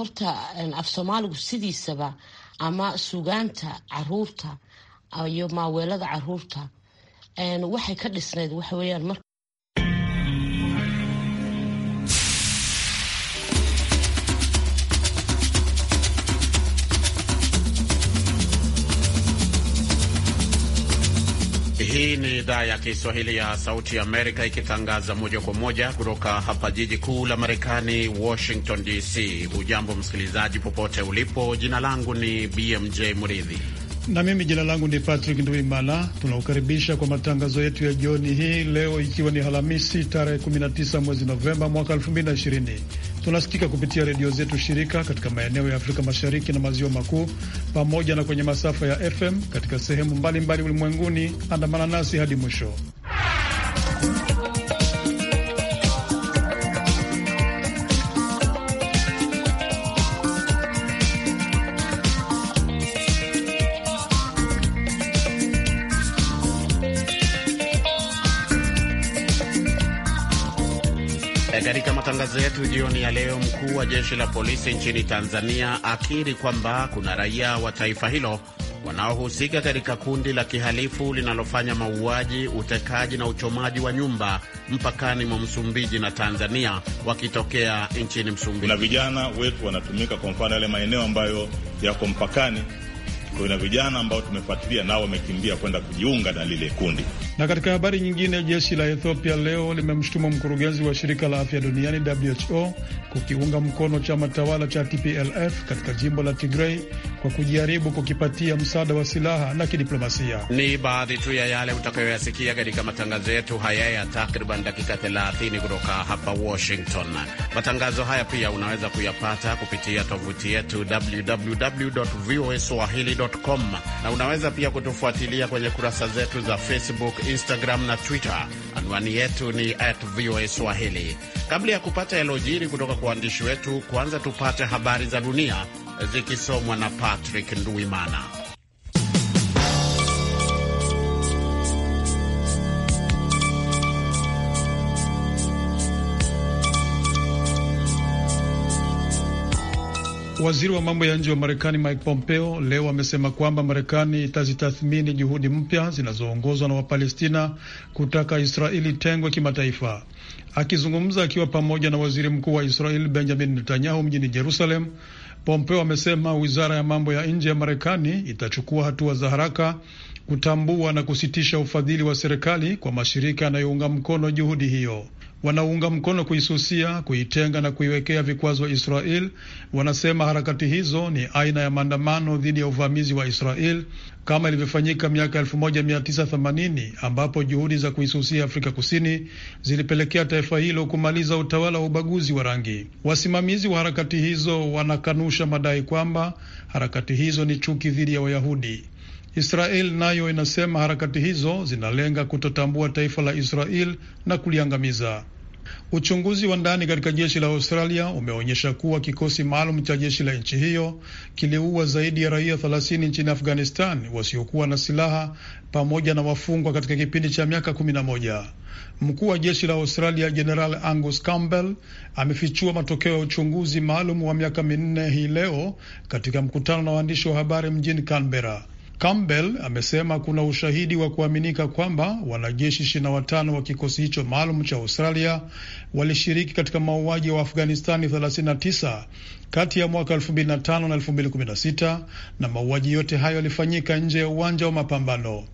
horta af soomaaligu sidiisaba ama sugaanta caruurta iyo maaweelada caruurta waxay ka dhisnayd waxaweyaan mar Hii ni idhaa ya Kiswahili ya Sauti ya Amerika ikitangaza moja kwa moja kutoka hapa jiji kuu la Marekani, Washington DC. Hujambo msikilizaji, popote ulipo. Jina langu ni BMJ mridhi na mimi jina langu ni Patrick Nduimana. Tunakukaribisha kwa matangazo yetu ya jioni hii leo, ikiwa ni Alhamisi tarehe 19 mwezi Novemba mwaka 2020. Tunasikika kupitia redio zetu shirika katika maeneo ya Afrika Mashariki na Maziwa Makuu, pamoja na kwenye masafa ya FM katika sehemu mbalimbali ulimwenguni. Andamana nasi hadi mwisho. matangazo yetu jioni ya leo, mkuu wa jeshi la polisi nchini Tanzania akiri kwamba kuna raia wa taifa hilo wanaohusika katika kundi la kihalifu linalofanya mauaji, utekaji na uchomaji wa nyumba mpakani mwa Msumbiji na Tanzania wakitokea nchini Msumbiji. Kuna vijana wetu wanatumika, kwa mfano yale maeneo ambayo yako mpakani kuna vijana ambao tumefuatilia nao wamekimbia kwenda kujiunga na lile kundi. Na katika habari nyingine, jeshi la Ethiopia leo limemshtuma mkurugenzi wa shirika la afya duniani WHO kukiunga mkono chama tawala cha TPLF katika jimbo la tigrey kwa kujaribu kukipatia msaada wa silaha na kidiplomasia. Ni baadhi tu ya yale utakayoyasikia katika matangazo yetu haya ya takriban dakika 30 kutoka hapa Washington. Matangazo haya pia unaweza kuyapata kupitia tovuti yetu www voaswahili.com, na unaweza pia kutufuatilia kwenye kurasa zetu za Facebook, Instagram na Twitter. Anwani yetu ni at VOA Swahili. Kabla ya kupata yalojiri kutoka kwa waandishi wetu, kwanza tupate habari za dunia zikisomwa na Patrick Nduimana. Waziri wa mambo ya nje wa Marekani Mike Pompeo leo amesema kwamba Marekani itazitathmini juhudi mpya zinazoongozwa na Wapalestina kutaka Israeli itengwe kimataifa. Akizungumza akiwa pamoja na waziri mkuu wa Israeli Benjamin Netanyahu mjini Jerusalem, Pompeo amesema wizara ya mambo ya nje ya Marekani itachukua hatua za haraka kutambua na kusitisha ufadhili wa serikali kwa mashirika yanayounga mkono juhudi hiyo wanaounga mkono kuisusia, kuitenga na kuiwekea vikwazo Israel wanasema harakati hizo ni aina ya maandamano dhidi ya uvamizi wa Israel kama ilivyofanyika miaka 1980 ambapo juhudi za kuisusia Afrika Kusini zilipelekea taifa hilo kumaliza utawala wa ubaguzi wa rangi. Wasimamizi wa harakati hizo wanakanusha madai kwamba harakati hizo ni chuki dhidi ya Wayahudi. Israel nayo inasema harakati hizo zinalenga kutotambua taifa la Israel na kuliangamiza. Uchunguzi wa ndani katika jeshi la Australia umeonyesha kuwa kikosi maalum cha jeshi la nchi hiyo kiliua zaidi ya raia 30 nchini Afghanistan wasiokuwa na silaha pamoja na wafungwa katika kipindi cha miaka 11. Mkuu wa jeshi la Australia General Angus Campbell amefichua matokeo ya uchunguzi maalum wa miaka minne hii leo katika mkutano na waandishi wa habari mjini Canberra. Campbell amesema kuna ushahidi wa kuaminika kwamba wanajeshi ishirini na watano wa kikosi hicho maalum cha Australia walishiriki katika mauaji ya Waafghanistani 39 kati ya mwaka 2005 na 2016 na mauaji yote hayo yalifanyika nje ya uwanja wa mapambano.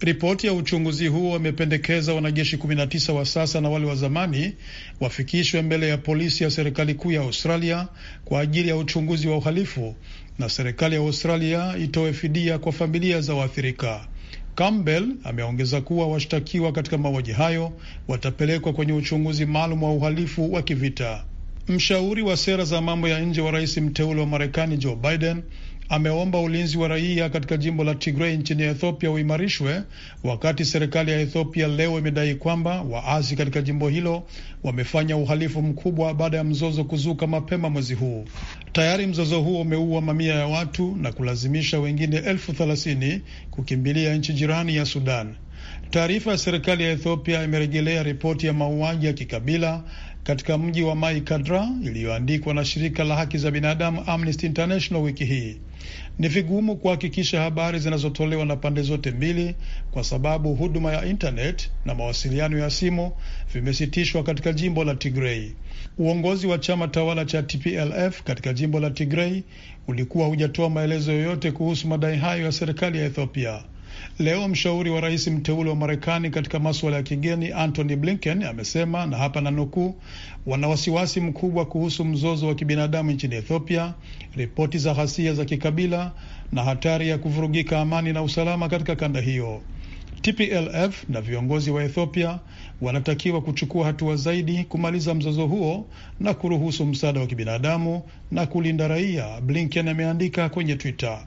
Ripoti ya uchunguzi huo wamependekeza wanajeshi 19 wa sasa na wale wa zamani wafikishwe mbele ya polisi ya serikali kuu ya Australia kwa ajili ya uchunguzi wa uhalifu na serikali ya Australia itoe fidia kwa familia za waathirika. Campbell ameongeza kuwa washtakiwa katika mauaji hayo watapelekwa kwenye uchunguzi maalum wa uhalifu wa kivita. Mshauri wa sera za mambo ya nje wa rais mteule wa Marekani Joe Biden ameomba ulinzi wa raia katika jimbo la Tigrei nchini Ethiopia uimarishwe, wakati serikali ya Ethiopia leo imedai kwamba waasi katika jimbo hilo wamefanya uhalifu mkubwa baada ya mzozo kuzuka mapema mwezi huu. Tayari mzozo huo umeua mamia ya watu na kulazimisha wengine elfu thelathini kukimbilia nchi jirani ya Sudan. Taarifa ya serikali ya Ethiopia imerejelea ripoti ya mauaji ya kikabila katika mji wa Mai Kadra iliyoandikwa na shirika la haki za binadamu Amnesty International wiki hii. Ni vigumu kuhakikisha habari zinazotolewa na pande zote mbili kwa sababu huduma ya intanet na mawasiliano ya simu vimesitishwa katika jimbo la Tigrei. Uongozi wa chama tawala cha TPLF katika jimbo la Tigrei ulikuwa hujatoa maelezo yoyote kuhusu madai hayo ya serikali ya Ethiopia. Leo mshauri wa rais mteule wa Marekani katika maswala ya kigeni Antony Blinken amesema, na hapa na nukuu, wana wasiwasi mkubwa kuhusu mzozo wa kibinadamu nchini Ethiopia, ripoti za ghasia za kikabila na hatari ya kuvurugika amani na usalama katika kanda hiyo. TPLF na viongozi wa Ethiopia wanatakiwa kuchukua hatua zaidi kumaliza mzozo huo na kuruhusu msaada wa kibinadamu na kulinda raia, Blinken ameandika kwenye Twitter.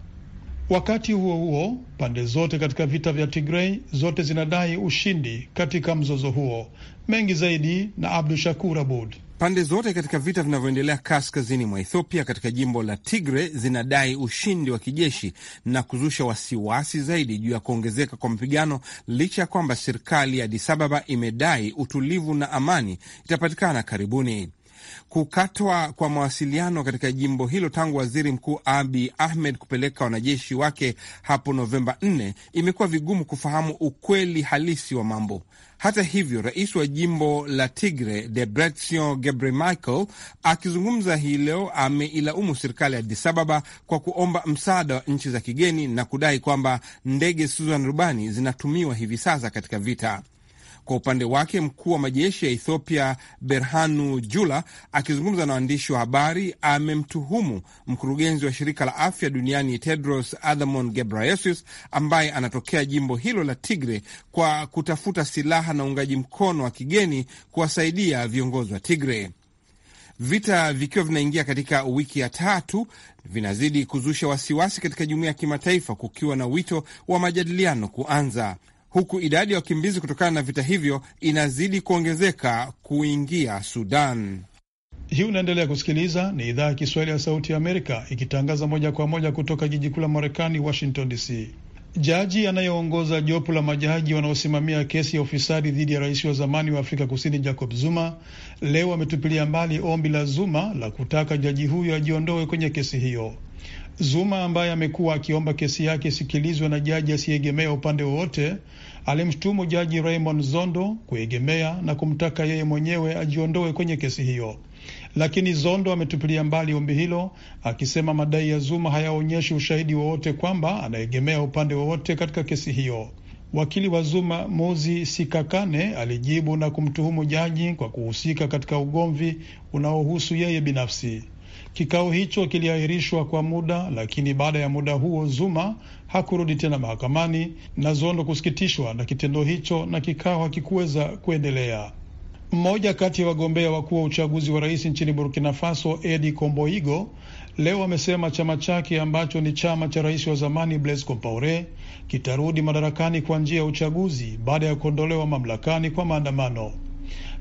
Wakati huo huo, pande zote katika vita vya Tigrei zote zinadai ushindi katika mzozo huo. Mengi zaidi na Abdu Shakur Abud. Pande zote katika vita vinavyoendelea kaskazini mwa Ethiopia katika jimbo la Tigre zinadai ushindi wa kijeshi na kuzusha wasiwasi zaidi juu ya kuongezeka kwa mapigano, licha ya kwamba serikali ya Adis Ababa imedai utulivu na amani itapatikana karibuni kukatwa kwa mawasiliano katika jimbo hilo tangu waziri mkuu Abi Ahmed kupeleka wanajeshi wake hapo Novemba 4 imekuwa vigumu kufahamu ukweli halisi wa mambo. Hata hivyo, rais wa jimbo la Tigre Debretsion Gebremichael akizungumza hii leo ameilaumu serikali ya Addis Ababa kwa kuomba msaada wa nchi za kigeni na kudai kwamba ndege zisizo na rubani zinatumiwa hivi sasa katika vita. Kwa upande wake mkuu wa majeshi ya Ethiopia Berhanu Jula akizungumza na waandishi wa habari amemtuhumu mkurugenzi wa shirika la afya duniani Tedros Adhanom Ghebreyesus ambaye anatokea jimbo hilo la Tigre kwa kutafuta silaha na uungaji mkono wa kigeni kuwasaidia viongozi wa Tigre. Vita vikiwa vinaingia katika wiki ya tatu vinazidi kuzusha wasiwasi katika jumuiya ya kimataifa, kukiwa na wito wa majadiliano kuanza huku idadi ya wakimbizi kutokana na vita hivyo inazidi kuongezeka kuingia Sudan. Hii unaendelea kusikiliza, ni idhaa ya Kiswahili ya Sauti ya Amerika ikitangaza moja kwa moja kutoka jiji kuu la Marekani, Washington DC. Jaji anayeongoza jopo la majaji wanaosimamia kesi ya ufisadi dhidi ya rais wa zamani wa Afrika Kusini Jacob Zuma leo ametupilia mbali ombi la Zuma la kutaka jaji huyo ajiondoe kwenye kesi hiyo. Zuma ambaye amekuwa akiomba kesi yake isikilizwe na jaji asiyeegemea upande wowote, alimshutumu jaji Raymond Zondo kuegemea na kumtaka yeye mwenyewe ajiondoe kwenye kesi hiyo, lakini Zondo ametupilia mbali ombi hilo, akisema madai ya Zuma hayaonyeshi ushahidi wowote kwamba anaegemea upande wowote katika kesi hiyo. Wakili wa Zuma Mozi Sikakane alijibu na kumtuhumu jaji kwa kuhusika katika ugomvi unaohusu yeye binafsi. Kikao hicho kiliahirishwa kwa muda, lakini baada ya muda huo Zuma hakurudi tena mahakamani na Zondo kusikitishwa na kitendo hicho na kikao hakikuweza kuendelea. Mmoja kati ya wagombea wakuu wa uchaguzi wa rais nchini Burkina Faso, Edi Komboigo, leo amesema chama chake ambacho ni chama cha rais wa zamani Blaise Compaore kitarudi madarakani kwa njia ya uchaguzi baada ya kuondolewa mamlakani kwa maandamano.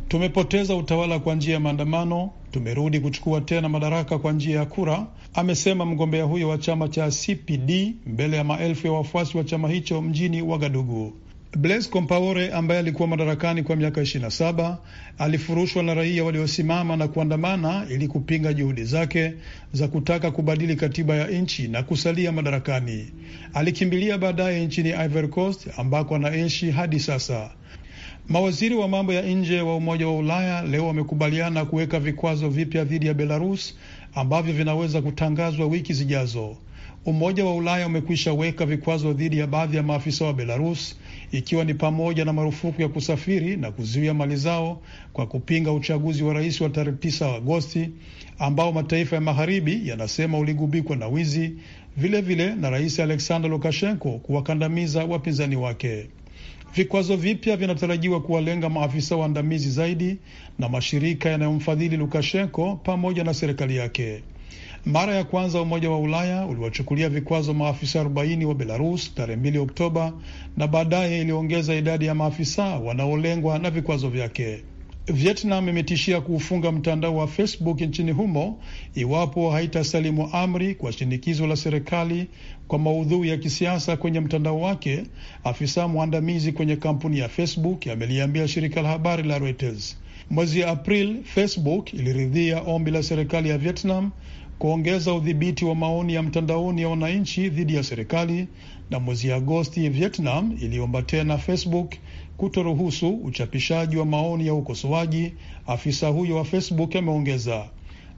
Tumepoteza utawala kwa njia ya maandamano, tumerudi kuchukua tena madaraka kwa njia ya kura, amesema mgombea huyo wa chama cha CPD mbele ya maelfu ya wafuasi wa chama hicho mjini Wagadugu. Blaise Compaore ambaye alikuwa madarakani kwa miaka 27 alifurushwa na raia waliosimama na kuandamana ili kupinga juhudi zake za kutaka kubadili katiba ya nchi na kusalia madarakani. Alikimbilia baadaye nchini Ivory Coast ambako anaishi hadi sasa. Mawaziri wa mambo ya nje wa Umoja wa Ulaya leo wamekubaliana kuweka vikwazo vipya dhidi ya Belarus ambavyo vinaweza kutangazwa wiki zijazo. Umoja wa Ulaya umekwisha weka vikwazo dhidi ya baadhi ya maafisa wa Belarus ikiwa ni pamoja na marufuku ya kusafiri na kuzuia mali zao kwa kupinga uchaguzi wa rais wa tarehe tisa Agosti ambao mataifa ya magharibi yanasema uligubikwa na wizi, vilevile vile na Rais Alexander Lukashenko kuwakandamiza wapinzani wake. Vikwazo vipya vinatarajiwa kuwalenga maafisa waandamizi zaidi na mashirika yanayomfadhili Lukashenko pamoja na serikali yake. Mara ya kwanza Umoja wa Ulaya uliwachukulia vikwazo maafisa 40 wa Belarus tarehe mbili Oktoba na baadaye iliongeza idadi ya maafisa wanaolengwa na vikwazo vyake. Vietnam imetishia kuufunga mtandao wa Facebook nchini humo iwapo haitasalimu amri kwa shinikizo la serikali kwa maudhui ya kisiasa kwenye mtandao wake, afisa mwandamizi kwenye kampuni ya Facebook ameliambia shirika la habari la Reuters. Mwezi april Facebook iliridhia ombi la serikali ya Vietnam kuongeza udhibiti wa maoni ya mtandaoni ya wananchi dhidi ya serikali, na mwezi Agosti Vietnam iliomba tena Facebook kutoruhusu uchapishaji wa maoni ya ukosoaji, afisa huyo wa Facebook ameongeza.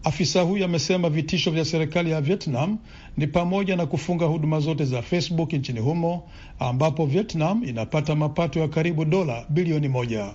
Afisa huyo amesema vitisho vya serikali ya Vietnam ni pamoja na kufunga huduma zote za Facebook nchini humo ambapo Vietnam inapata mapato ya karibu dola bilioni moja.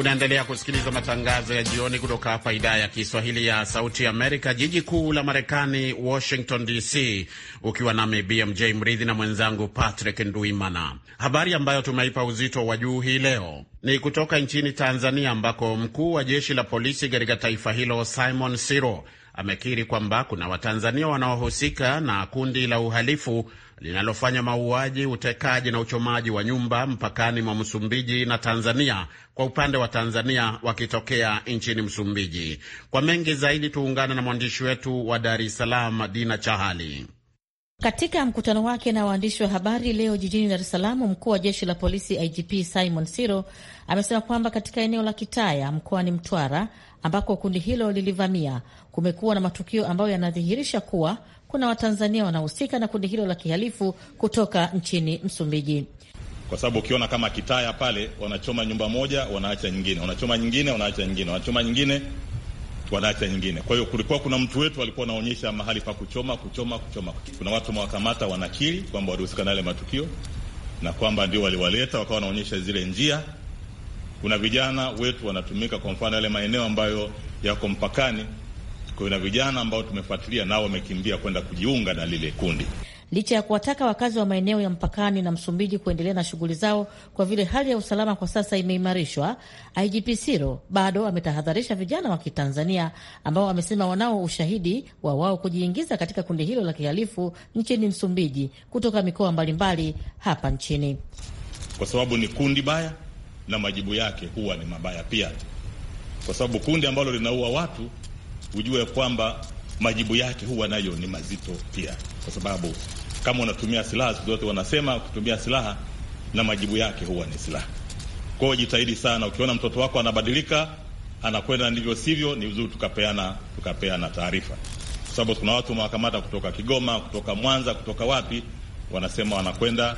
Unaendelea kusikiliza matangazo ya jioni kutoka hapa idhaa ya Kiswahili ya Sauti Amerika, jiji kuu la Marekani, Washington DC, ukiwa nami BMJ Mridhi na mwenzangu Patrick Nduimana. Habari ambayo tumeipa uzito wa juu hii leo ni kutoka nchini Tanzania, ambako mkuu wa jeshi la polisi katika taifa hilo Simon Siro amekiri kwamba kuna Watanzania wanaohusika na kundi la uhalifu linalofanya mauaji, utekaji na uchomaji wa nyumba mpakani mwa Msumbiji na Tanzania, kwa upande wa Tanzania wakitokea nchini Msumbiji. Kwa mengi zaidi, tuungane na mwandishi wetu wa Dar es Salaam, Dina Chahali. Katika mkutano wake na waandishi wa habari leo jijini Dar es Salaam, mkuu wa jeshi la polisi IGP Simon Siro amesema kwamba katika eneo la Kitaya mkoani Mtwara ambako kundi hilo lilivamia, kumekuwa na matukio ambayo yanadhihirisha kuwa kuna Watanzania wanahusika na kundi hilo la kihalifu kutoka nchini Msumbiji, kwa sababu ukiona kama Kitaya pale wanachoma nyumba moja, wanaacha nyingine, wanachoma nyingine, wanaacha nyingine, wanachoma nyingine, wanaacha nyingine. Kwa hiyo kulikuwa kuna mtu wetu alikuwa anaonyesha mahali pa kuchoma, kuchoma, kuchoma. Kuna watu wamewakamata, wanakiri kwamba walihusika na yale matukio na kwamba ndio waliwaleta, wakawa wanaonyesha zile njia. Kuna vijana wetu wanatumika, kwa mfano yale maeneo ambayo yako mpakani kuna vijana ambao tumefuatilia nao wamekimbia kwenda kujiunga na lile kundi. Licha ya kuwataka wakazi wa maeneo ya mpakani na Msumbiji kuendelea na shughuli zao kwa vile hali ya usalama kwa sasa imeimarishwa, IGP Siro bado ametahadharisha vijana wa Kitanzania ambao amesema wanao ushahidi wa wao kujiingiza katika kundi hilo la kihalifu nchini Msumbiji kutoka mikoa mbalimbali hapa nchini, kwa sababu ni kundi baya na majibu yake huwa ni mabaya pia, kwa sababu kundi ambalo linaua watu ujue kwamba majibu yake huwa nayo ni mazito pia, kwa sababu kama unatumia silaha, siku zote wanasema ukitumia silaha na majibu yake huwa ni silaha. Kwa hiyo jitahidi sana, ukiona mtoto wako anabadilika anakwenda ndivyo sivyo, ni vizuri tukapeana tukapeana taarifa, kwa sababu kuna watu mawakamata kutoka Kigoma, kutoka Mwanza, kutoka wapi, wanasema wanakwenda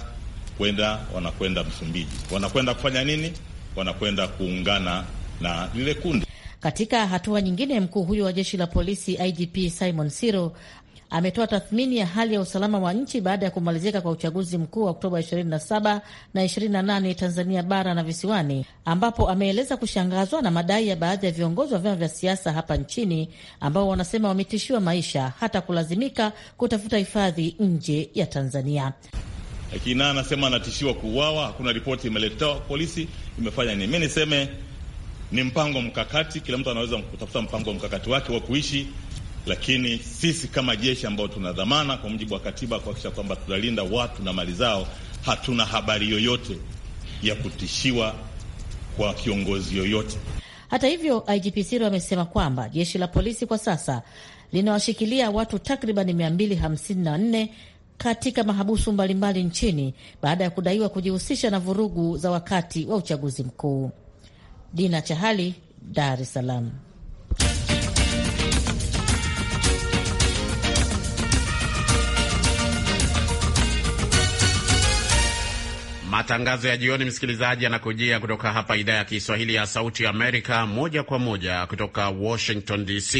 kwenda wanakwenda Msumbiji, wanakwenda kufanya nini? Wanakwenda kuungana na lile kundi. Katika hatua nyingine, mkuu huyo wa jeshi la polisi IGP Simon Siro ametoa tathmini ya hali ya usalama wa nchi baada ya kumalizika kwa uchaguzi mkuu wa Oktoba 27 na 28 Tanzania bara na visiwani, ambapo ameeleza kushangazwa na madai ya baadhi ya viongozi wa vyama vya siasa hapa nchini ambao wanasema wametishiwa maisha hata kulazimika kutafuta hifadhi nje ya Tanzania. Akina anasema anatishiwa kuuawa, hakuna ripoti imeletewa polisi imefanya nini? Mi niseme ni mpango mkakati, kila mtu anaweza kutafuta mpango mkakati wake wa kuishi, lakini sisi kama jeshi ambao tuna dhamana kwa mujibu wa katiba kuhakikisha kwamba tunalinda watu na mali zao, hatuna habari yoyote ya kutishiwa kwa kiongozi yoyote. Hata hivyo, IGP Sirro amesema kwamba jeshi la polisi kwa sasa linawashikilia watu takribani 254 katika mahabusu mbalimbali nchini baada ya kudaiwa kujihusisha na vurugu za wakati wa uchaguzi mkuu. Dina Chahali, Dar es Salaam. Matangazo ya jioni, msikilizaji, yanakujia kutoka hapa idhaa ya Kiswahili ya Sauti Amerika, moja kwa moja kutoka Washington DC,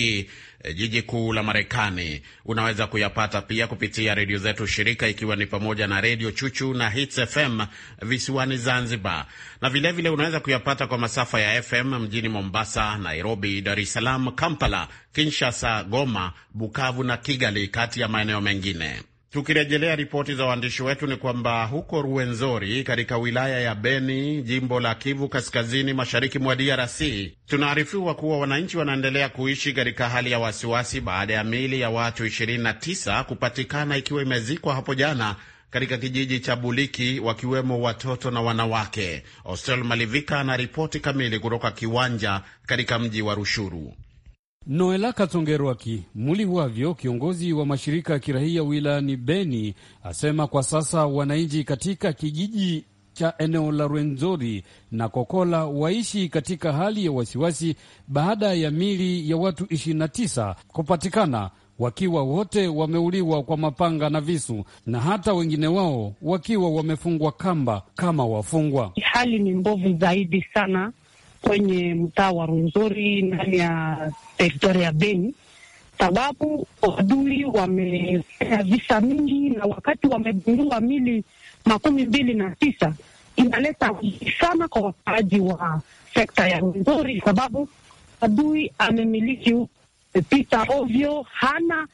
eh, jiji kuu la Marekani. Unaweza kuyapata pia kupitia redio zetu shirika, ikiwa ni pamoja na Redio Chuchu na Hits FM visiwani Zanzibar, na vilevile vile unaweza kuyapata kwa masafa ya FM mjini Mombasa, Nairobi, Dar es Salaam, Kampala, Kinshasa, Goma, Bukavu na Kigali, kati ya maeneo mengine. Tukirejelea ripoti za waandishi wetu ni kwamba huko Ruwenzori katika wilaya ya Beni, jimbo la Kivu Kaskazini, mashariki mwa DRC, tunaarifiwa kuwa wananchi wanaendelea kuishi katika hali ya wasiwasi baada ya miili ya watu 29 kupatikana ikiwa imezikwa hapo jana katika kijiji cha Buliki, wakiwemo watoto na wanawake. Ostel Malivika ana ripoti kamili kutoka kiwanja katika mji wa Rushuru. Noela Katongerwaki Muliwavyo, kiongozi wa mashirika ya kirahia wilayani Beni, asema kwa sasa wananchi katika kijiji cha eneo la Rwenzori na Kokola waishi katika hali ya wasiwasi baada ya mili ya watu 29 kupatikana wakiwa wote wameuliwa kwa mapanga na visu na hata wengine wao wakiwa wamefungwa kamba kama wafungwa. Hali ni mbovu zaidi sana kwenye mtaa wa Runzori ndani ya teritoria ya Beni, sababu wadui wamefanya visa mingi, na wakati wamegundua mili makumi mbili na tisa inaleta sana kwa wakaaji wa sekta ya Runzori, sababu adui amemiliki pita ovyo, hana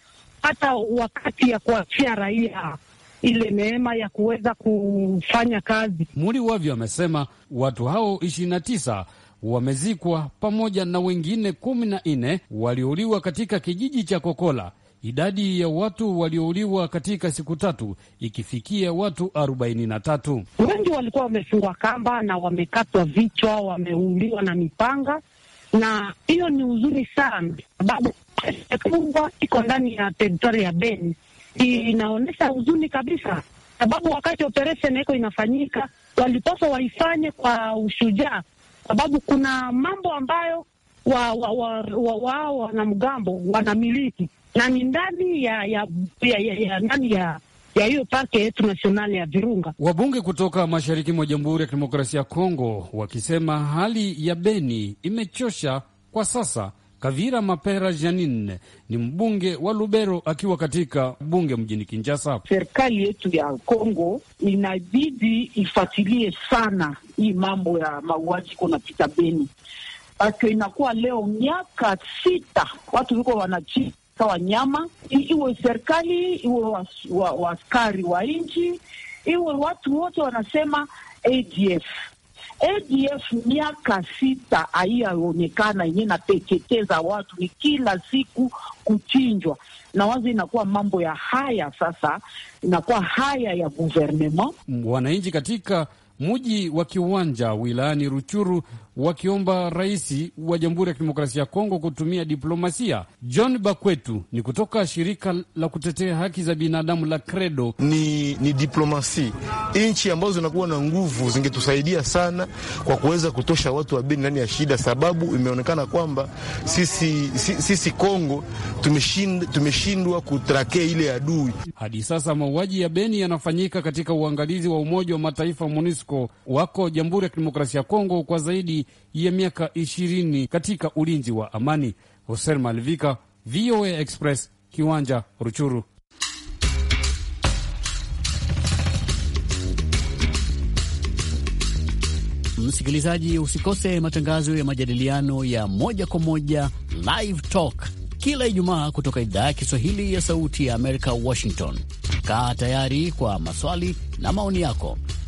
hata wakati ya kuachia raia ile neema ya kuweza kufanya kazi. Muri wavyo amesema watu hao ishirini na tisa wamezikwa pamoja na wengine kumi na nne waliouliwa katika kijiji cha Kokola, idadi ya watu waliouliwa katika siku tatu ikifikia watu arobaini na tatu. Wengi walikuwa wamefungwa kamba na wamekatwa vichwa, wameuliwa na mipanga, na hiyo ni uzuri sana, sababu kubwa iko ndani ya teritori ya Beni. Inaonyesha huzuni kabisa, sababu wakati operesheni iko inafanyika walipaswa waifanye kwa ushujaa sababu kuna mambo ambayo wao wa, wa, wa, wa, wa, wanamiliki na ni ndani ya ya ya, ya, ya, ndani ya ya hiyo pake yetu nasionali ya Virunga. Wabunge kutoka mashariki mwa Jamhuri ya Kidemokrasia ya Kongo wakisema hali ya Beni imechosha kwa sasa Kavira Mapera Janine ni mbunge wa Lubero akiwa katika bunge mjini kinjasa Serikali yetu ya Kongo inabidi ifuatilie sana hii mambo ya mauaji pita Beni, akio inakuwa leo miaka sita watu viko wanachinja wanyama, iwe serikali iwe waskari wa, wa, wa nchi iwe watu wote wanasema ADF ADF miaka sita haiyaonekana yenye nateketeza watu ni kila siku kuchinjwa na wazi, inakuwa mambo ya haya sasa, inakuwa haya ya gouvernement wananchi katika muji wa Kiwanja wilayani Ruchuru wakiomba rais wa Jamhuri ya Kidemokrasia ya Kongo kutumia diplomasia. John Bakwetu ni kutoka shirika la kutetea haki za binadamu la Credo. Ni, ni diplomasi. Nchi ambazo zinakuwa na nguvu zingetusaidia sana kwa kuweza kutosha watu wa Beni ndani ya shida, sababu imeonekana kwamba sisi, sisi Kongo tumeshind, tumeshindwa kutrakee ile adui. Hadi sasa mauaji ya Beni yanafanyika katika uangalizi wa Umoja wa Mataifa MONUSCO MONUSCO wako Jamhuri ya Kidemokrasia ya Kongo kwa zaidi ya miaka ishirini katika ulinzi wa amani. Hosen Malivika, VOA Express, kiwanja Ruchuru. Msikilizaji, usikose matangazo ya majadiliano ya moja kwa moja Live Talk kila Ijumaa kutoka idhaa ya Kiswahili ya Sauti ya Amerika, Washington. Kaa tayari kwa maswali na maoni yako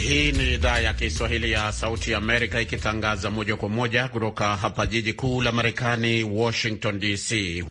Hii ni idhaa ya Kiswahili ya Sauti ya Amerika ikitangaza moja kwa moja kutoka hapa jiji kuu la Marekani, Washington DC.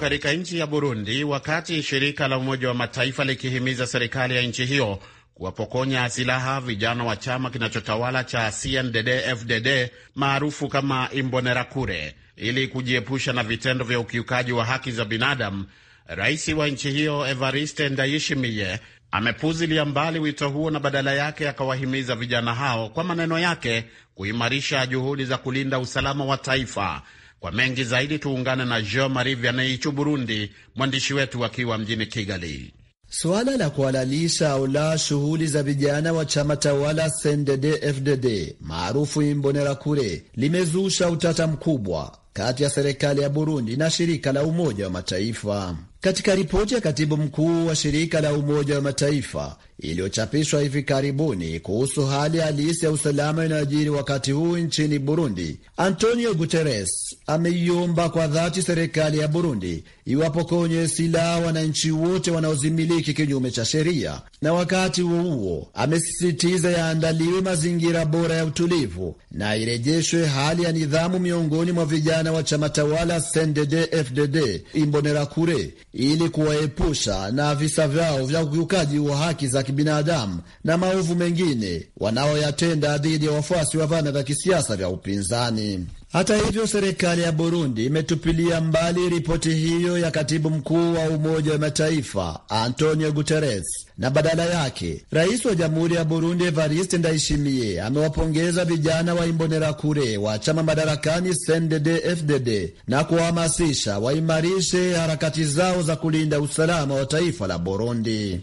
Katika nchi ya Burundi, wakati shirika la Umoja wa Mataifa likihimiza serikali ya nchi hiyo kuwapokonya silaha vijana wa chama kinachotawala cha CNDD-FDD maarufu kama Imbonerakure ili kujiepusha na vitendo vya ukiukaji wa haki za binadamu Rais wa nchi hiyo Evariste Ndayishimiye amepuzilia mbali wito huo na badala yake akawahimiza vijana hao kwa maneno yake kuimarisha juhudi za kulinda usalama wa taifa. Kwa mengi zaidi tuungane na Jean Marie Vianney Chu, Burundi, mwandishi wetu akiwa mjini Kigali. Suala la kuhalalisha au la shughuli za vijana wa chama tawala CNDD FDD maarufu Imbonerakure limezusha utata mkubwa kati ya serikali ya Burundi na shirika la Umoja wa Mataifa. Katika ripoti ya katibu mkuu wa shirika la Umoja wa Mataifa iliyochapishwa hivi karibuni kuhusu hali halisi ya usalama inayojiri wakati huu nchini Burundi, Antonio Guterres ameiomba kwa dhati serikali ya Burundi iwapokonye silaha wananchi wote wanaozimiliki kinyume cha sheria, na wakati huo huo amesisitiza yaandaliwe mazingira bora ya utulivu na irejeshwe hali ya nidhamu miongoni mwa vijana wa chama tawala CNDD-FDD Imbonerakure ili kuwaepusha na visa vyao vya ukiukaji wa haki za kibinadamu na maovu mengine wanaoyatenda dhidi ya wafuasi wa vyama vya kisiasa vya upinzani. Hata hivyo, serikali ya Burundi imetupilia mbali ripoti hiyo ya katibu mkuu wa Umoja wa Mataifa Antonio Guterres, na badala yake rais wa Jamhuri ya Burundi Evariste Ndayishimiye amewapongeza vijana wa Imbonerakure wa chama madarakani CNDD-FDD na kuwahamasisha waimarishe harakati zao za kulinda usalama wa taifa la Burundi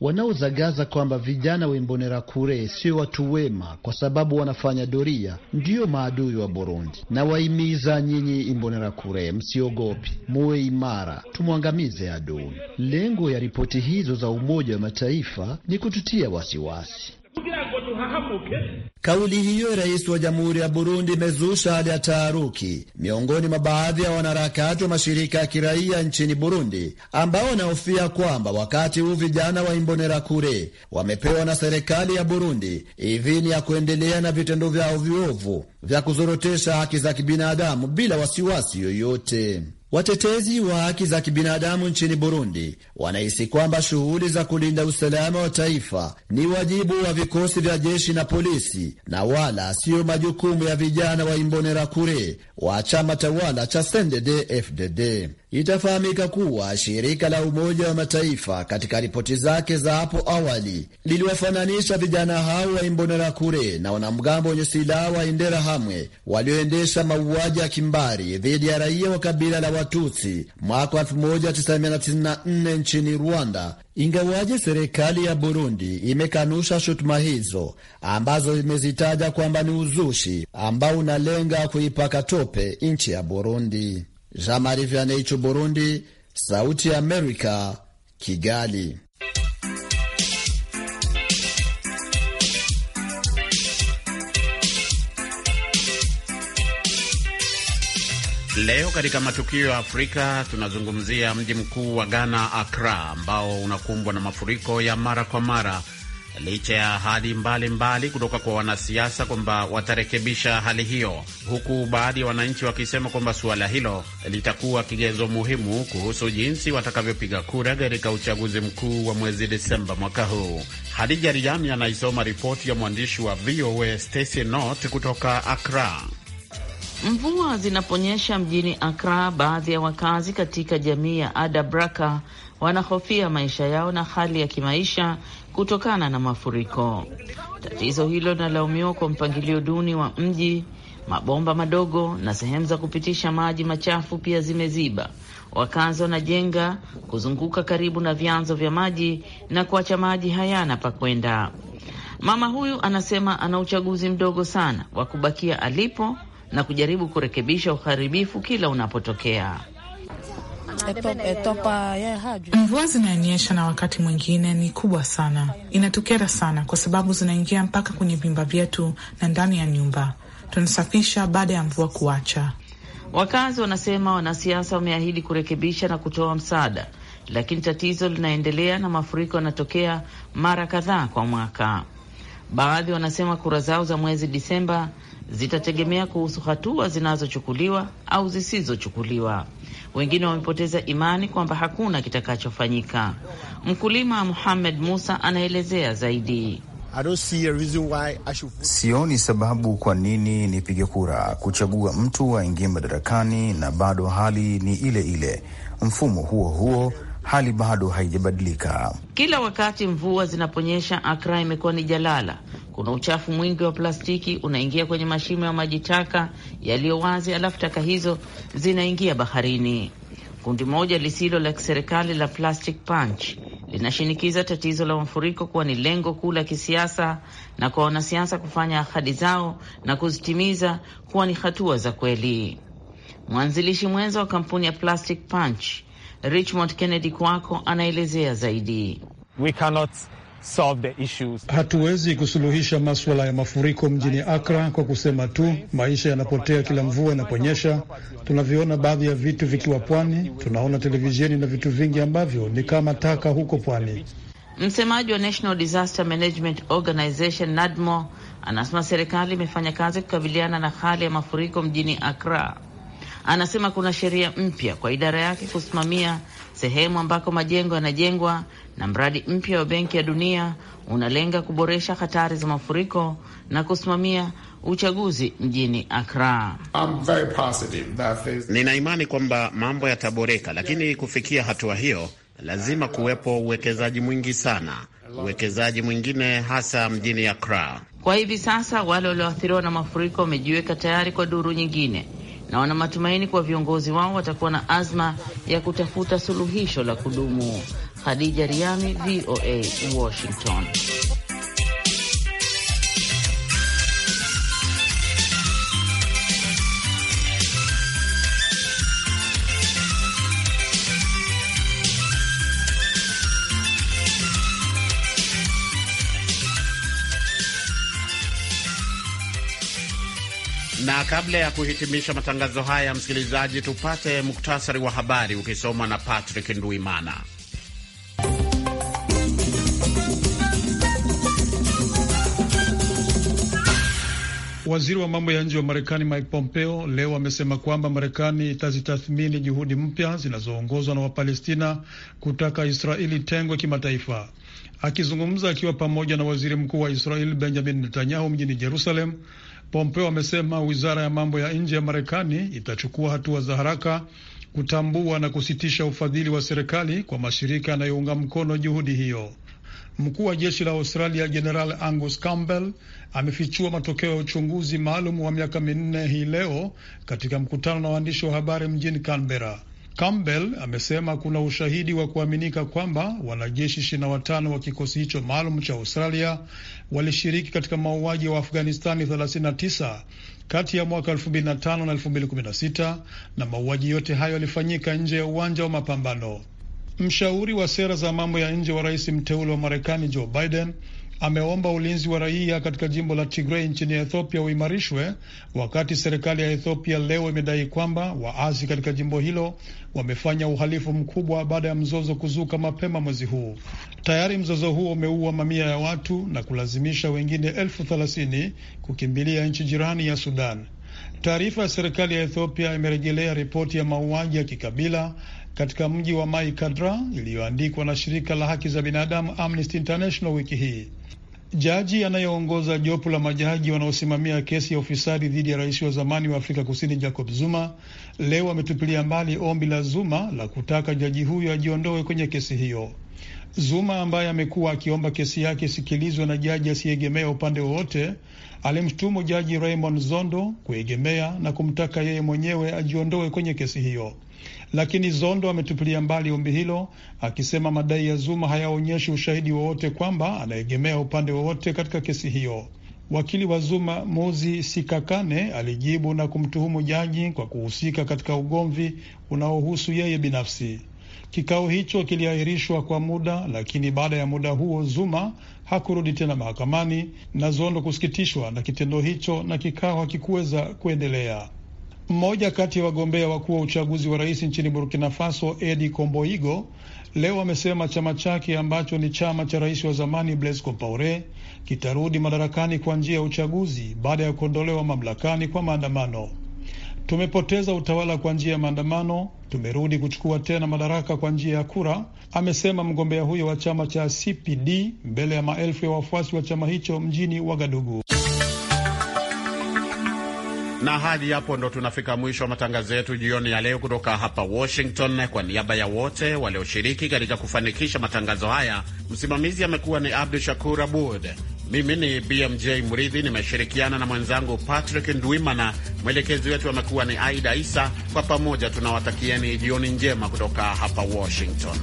wanaozagaza kwamba vijana wa Imbonerakure sio watu wema kwa sababu wanafanya doria ndiyo maadui wa Burundi. Na wahimiza nyinyi Imbonerakure, msiogopi, muwe imara, tumwangamize adui. Lengo ya ripoti hizo za Umoja wa Mataifa ni kututia wasiwasi wasi tuhahamuke. Kauli hiyo rais wa jamhuri ya Burundi imezusha hali ya taharuki miongoni mwa baadhi ya wanaharakati wa mashirika ya kiraia nchini Burundi, ambao wanahofia kwamba wakati huu vijana wa Imbonerakure wamepewa na serikali ya Burundi idhini ya kuendelea na vitendo vyao viovu vya kuzorotesha haki za kibinadamu bila wasiwasi yoyote. Watetezi wa haki za kibinadamu nchini Burundi wanahisi kwamba shughuli za kulinda usalama wa taifa ni wajibu wa vikosi vya jeshi na polisi na wala siyo majukumu ya vijana wa Imbonerakure wa chama tawala cha CNDD-FDD. Itafahamika kuwa shirika la Umoja wa Mataifa katika ripoti zake za hapo awali liliwafananisha vijana hao wa Imbonerakure na wanamgambo wenye silaha wa Interahamwe walioendesha mauaji ya kimbari dhidi ya raia wa kabila la Watutsi mwaka 1994 nchini Rwanda, ingawaje serikali ya Burundi imekanusha shutuma hizo ambazo imezitaja kwamba ni uzushi ambao unalenga kuipaka tope nchi ya Burundi. Jean-Marie Vianney Ichu, Burundi. Sauti ya Amerika, Kigali. Leo katika matukio ya Afrika tunazungumzia mji mkuu wa Ghana, akra ambao unakumbwa na mafuriko ya mara kwa mara licha ya ahadi mbalimbali kutoka kwa wanasiasa kwamba watarekebisha hali hiyo, huku baadhi ya wananchi wakisema kwamba suala hilo litakuwa kigezo muhimu kuhusu jinsi watakavyopiga kura katika uchaguzi mkuu wa mwezi Desemba mwaka huu. Hadija Riami anaisoma ripoti ya mwandishi wa VOA Stacy Not kutoka Akra. Mvua zinaponyesha mjini akra baadhi ya wakazi katika jamii ya Adabraka wanahofia maisha yao na hali ya kimaisha kutokana na mafuriko. Tatizo hilo linalaumiwa kwa mpangilio duni wa mji, mabomba madogo na sehemu za kupitisha maji machafu pia zimeziba. Wakazi wanajenga kuzunguka karibu na vyanzo vya maji na kuacha maji hayana pa kwenda. Mama huyu anasema ana uchaguzi mdogo sana wa kubakia alipo na kujaribu kurekebisha uharibifu kila unapotokea. Ah, eh, eh, ah, mvua zinanyesha na wakati mwingine ni kubwa sana, inatukera sana kwa sababu zinaingia mpaka kwenye vyumba vyetu na ndani ya nyumba. Tunasafisha baada ya mvua kuacha. Wakazi wanasema wanasiasa wameahidi kurekebisha na kutoa msaada, lakini tatizo linaendelea na mafuriko yanatokea mara kadhaa kwa mwaka. Baadhi wanasema kura zao za mwezi Disemba zitategemea kuhusu hatua zinazochukuliwa au zisizochukuliwa. Wengine wamepoteza imani kwamba hakuna kitakachofanyika. Mkulima Muhamed Musa anaelezea zaidi. Sioni sababu kwa nini nipige kura kuchagua mtu aingie madarakani na bado hali ni ile ile, mfumo huo huo hali bado haijabadilika. Kila wakati mvua zinaponyesha, Akra imekuwa ni jalala. Kuna uchafu mwingi wa plastiki unaingia kwenye mashimo ya maji taka yaliyo wazi, alafu taka hizo zinaingia baharini. Kundi moja lisilo la kiserikali la Plastic Punch linashinikiza tatizo la mafuriko kuwa ni lengo kuu la kisiasa na kwa wanasiasa kufanya ahadi zao na kuzitimiza kuwa ni hatua za kweli. Mwanzilishi mwenza wa kampuni ya Plastic Punch Richmond Kennedy Kwako anaelezea zaidi. We cannot solve the issues. Hatuwezi kusuluhisha maswala ya mafuriko mjini Akra kwa kusema tu maisha yanapotea kila mvua inaponyesha. Tunavyoona baadhi ya vitu vikiwa pwani, tunaona televisheni na vitu vingi ambavyo ni kama taka huko pwani. Msemaji wa National Disaster Management Organization NADMO anasema serikali imefanya kazi kukabiliana na hali ya mafuriko mjini Akra anasema kuna sheria mpya kwa idara yake kusimamia sehemu ambako majengo yanajengwa, na mradi mpya wa Benki ya Dunia unalenga kuboresha hatari za mafuriko na kusimamia uchaguzi mjini Akra. nina imani kwamba mambo yataboreka, lakini kufikia hatua hiyo lazima kuwepo uwekezaji mwingi sana, uwekezaji mwingine hasa mjini Akra. Kwa hivi sasa wale walioathiriwa na mafuriko wamejiweka tayari kwa duru nyingine na wana matumaini kuwa viongozi wao watakuwa na azma ya kutafuta suluhisho la kudumu. Khadija Riami, VOA, Washington. kabla ya kuhitimisha matangazo haya, msikilizaji, tupate muktasari wa habari ukisoma na Patrick Nduimana. Waziri wa mambo ya nje wa Marekani Mike Pompeo leo amesema kwamba Marekani itazitathmini juhudi mpya zinazoongozwa na Wapalestina kutaka Israeli itengwe kimataifa. Akizungumza akiwa pamoja na waziri mkuu wa Israeli Benjamin Netanyahu mjini Jerusalem, Pompeo amesema wizara ya mambo ya nje ya Marekani itachukua hatua za haraka kutambua na kusitisha ufadhili wa serikali kwa mashirika yanayounga mkono juhudi hiyo. Mkuu wa jeshi la Australia Jeneral Angus Campbell amefichua matokeo ya uchunguzi maalum wa miaka minne hii leo katika mkutano na waandishi wa habari mjini Canberra. Campbell amesema kuna ushahidi wa kuaminika kwamba wanajeshi ishirini na watano wa kikosi hicho maalum cha Australia walishiriki katika mauaji wa Afghanistani 39 kati ya mwaka 2005 na 2016 na mauaji yote hayo yalifanyika nje ya uwanja wa mapambano. Mshauri wa sera za mambo ya nje wa rais mteule wa Marekani Joe Biden ameomba ulinzi wa raia katika jimbo la Tigrei nchini Ethiopia uimarishwe, wakati serikali ya Ethiopia leo imedai kwamba waasi katika jimbo hilo wamefanya uhalifu mkubwa baada ya mzozo kuzuka mapema mwezi huu. Tayari mzozo huo umeua mamia ya watu na kulazimisha wengine elfu thelathini kukimbilia nchi jirani ya Sudan. Taarifa ya serikali ya Ethiopia imerejelea ripoti ya mauaji ya kikabila katika mji wa Mai Kadra iliyoandikwa na shirika la haki za binadamu Amnesty International wiki hii. Jaji anayeongoza jopo la majaji wanaosimamia kesi ya ufisadi dhidi ya rais wa zamani wa Afrika Kusini Jacob Zuma leo ametupilia mbali ombi la Zuma la kutaka jaji huyo ajiondoe kwenye kesi hiyo. Zuma ambaye amekuwa akiomba kesi yake isikilizwe na jaji asiyeegemea upande wowote alimshutumu jaji Raymond Zondo kuegemea na kumtaka yeye mwenyewe ajiondoe kwenye kesi hiyo, lakini Zondo ametupilia mbali ombi hilo akisema madai ya Zuma hayaonyeshi ushahidi wowote kwamba anaegemea upande wowote katika kesi hiyo. Wakili wa Zuma muzi Sikakane alijibu na kumtuhumu jaji kwa kuhusika katika ugomvi unaohusu yeye binafsi. Kikao hicho kiliahirishwa kwa muda, lakini baada ya muda huo Zuma hakurudi tena mahakamani na Zondo kusikitishwa na kitendo hicho na kikao hakikuweza kuendelea. Mmoja kati ya wagombea wakuu wa uchaguzi wa rais nchini Burkina Faso, Edi Komboigo, leo amesema chama chake ambacho ni chama cha rais wa zamani Blaise Compaore kitarudi madarakani kwa njia ya uchaguzi baada ya kuondolewa mamlakani kwa maandamano. Tumepoteza utawala kwa njia ya maandamano, tumerudi kuchukua tena madaraka kwa njia ya kura, amesema mgombea huyo wa chama cha CPD mbele ya maelfu ya wafuasi wa chama hicho mjini Wagadugu. Na hadi hapo ndo tunafika mwisho wa matangazo yetu jioni ya leo kutoka hapa Washington. Kwa niaba ya wote walioshiriki katika kufanikisha matangazo haya, msimamizi amekuwa ni Abdu Shakur Abud. Mimi ni BMJ Mridhi, nimeshirikiana na mwenzangu Patrick Ndwimana. Mwelekezi wetu amekuwa ni Aida Isa. Kwa pamoja tunawatakieni jioni njema kutoka hapa Washington.